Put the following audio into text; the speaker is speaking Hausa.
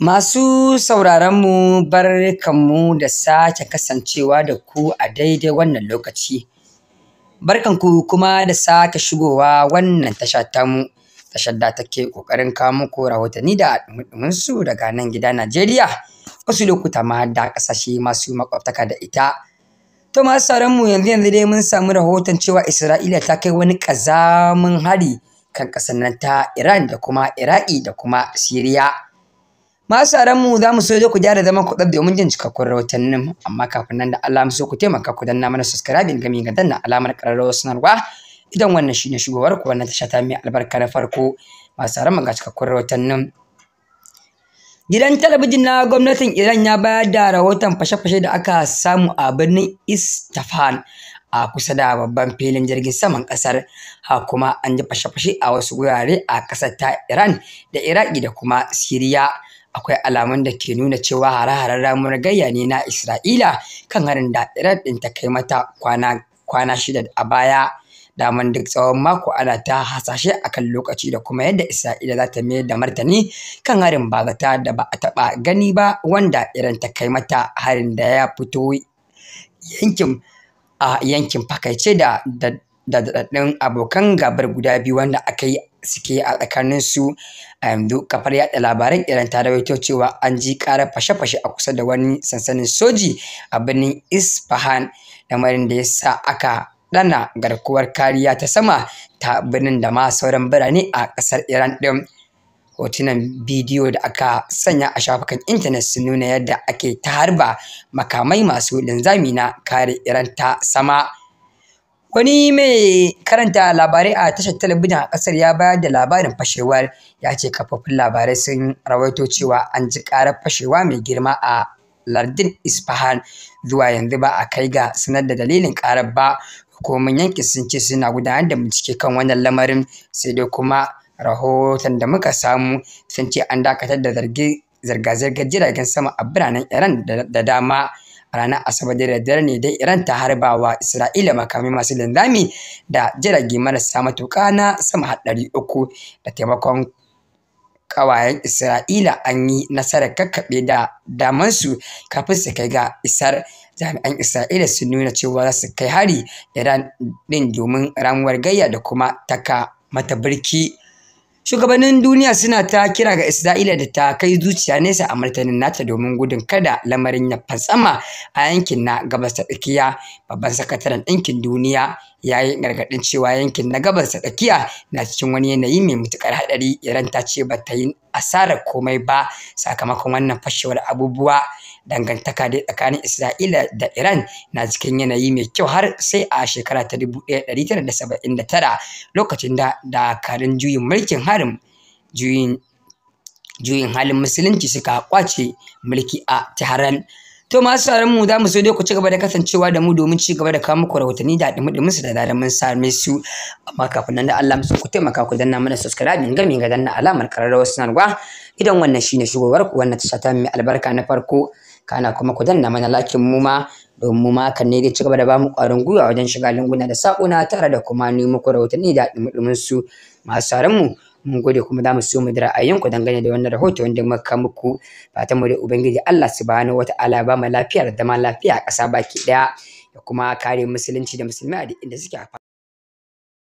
Masu sauraronmu barkanmu da sake kasancewa da ku a daidai wannan lokaci. Barkanku kuma da sake shigowa wannan tasha tamu, tashar da take ƙoƙarin kawo muku rahotanni da su daga nan gida Najeriya, wasu lokuta ma da ƙasashe masu makwabtaka da ita. To masu sauranmu yanzu yanzu dai mun samu rahoton cewa Isra'ila ta kai wani ƙazamin hari kan ƙasar nan ta Iran da kuma Iraki da kuma Siriya. masu mu za mu so ku gyara zaman ku ɗabda domin jin cikakkun rahotannin amma kafin nan da Allah mu so ku taimaka ku danna mana subscribing gami ga danna alamar ƙararrawar sanarwa idan wannan shine shugowar ku wannan tasha ta mai albarka na farko masu mu ga cikakkun rahotannin Gidan talabijin na gwamnatin Iran ya bayar da rahoton fashe-fashe da aka samu a birnin Isfahan a kusa da babban filin jirgin saman kasar ha kuma an ji fashe-fashe a wasu wurare a kasar ta Iran da Iraki da kuma Siriya akwai alamun da ke nuna cewa hare-haren ramuwar gayya ne na Isra'ila kan harin da Iran ɗin ta kai mata kwana shida a baya daman duk tsawon mako ana ta hasashe akan lokaci da kuma yadda Isra'ila za ta mayar da martani kan harin bazata da ba a taɓa gani ba wanda Iran ta kai mata harin da ya fito yankin a yankin fakaice da da daɗaɗɗun abokan gabar guda biyu wanda aka yi suke a tsakanin su a yanzu kafar yaɗa labaran iran ta rawaito cewa an ji ƙarar fashe-fashe a kusa da wani sansanin soji a birnin isfahan lamarin da ya sa aka ɗana garkuwar kariya ta sama ta birnin da ma sauran birane a ƙasar iran ɗin hotunan bidiyo da aka sanya a shafukan intanet sun nuna yadda ake ta harba makamai masu linzami na kare iran ta sama Wani mai karanta labarai a tashar talabijin a ƙasar ya bayar da labarin fashewar ya ce kafofin labarai sun rawaito cewa an ji ƙarar fashewa mai girma a lardin Isfahan zuwa yanzu ba a kai ga sanar da dalilin ƙarar ba hukumomin yankin sun ce suna gudanar da bincike kan wannan lamarin sai dai kuma rahoton da muka samu sun ce an dakatar da zargi zirga-zirgar jiragen sama a biranen Iran da dama. ranar asabar da daddare ne dai iran ta harba wa isra'ila makamai masu linzami da jirage marasa matuƙa na sama haɗari uku da taimakon ƙawayen isra'ila an yi nasarar kakkaɓe da damansu kafin su kai ga isar jami'an isra'ila sun nuna cewa za su kai hari iran ɗin domin ramuwar gayya da kuma taka mata birki Shugabannin duniya suna ta kira ga Isra'ila da ta kai zuciya nesa a martanin nata domin gudun kada lamarin ya fantsama a yankin na gabas ta tsakiya. Babban sakataren ɗinkin duniya ya yi gargaɗin cewa yankin na gabas ta tsakiya na cikin wani yanayi mai matuƙar haɗari iran ta ce ba ta yi asarar komai ba sakamakon wannan fashewar abubuwa dangantaka dai tsakanin isra'ila da iran na cikin yanayi mai kyau har sai a shekara ta 1979 lokacin da dakarun juyin mulkin harin juyin juyin halin musulunci suka kwace mulki a tehran To masu sauran mu za mu so dai ku ci gaba da kasancewa da mu domin ci gaba da kawo muku rahotanni da dumudumin su da zaran mun same su amma kafin nan da Allah mu ku taimaka ku danna mana subscribe mi ga danna alamar kararrawar sanarwa idan wannan shine shigowar ku wannan tasha ta mai albarka na farko kana kuma ku danna mana lakin mu ma don mu ma kan ne dai ci gaba da bamu ƙwarin gwiwa wajen shiga lunguna da saƙuna tare da kuma ni muku rahotanni da dumudumin su masu sauran mu mun gode kuma za mu so mu a yanku dangane da wannan rahoto wanda muka muku fatan mu da ubangiji Allah subhanahu wata'ala ba mu lafiya da zama lafiya a ƙasa baki ɗaya da kuma kare musulunci da musulmai a duk inda suke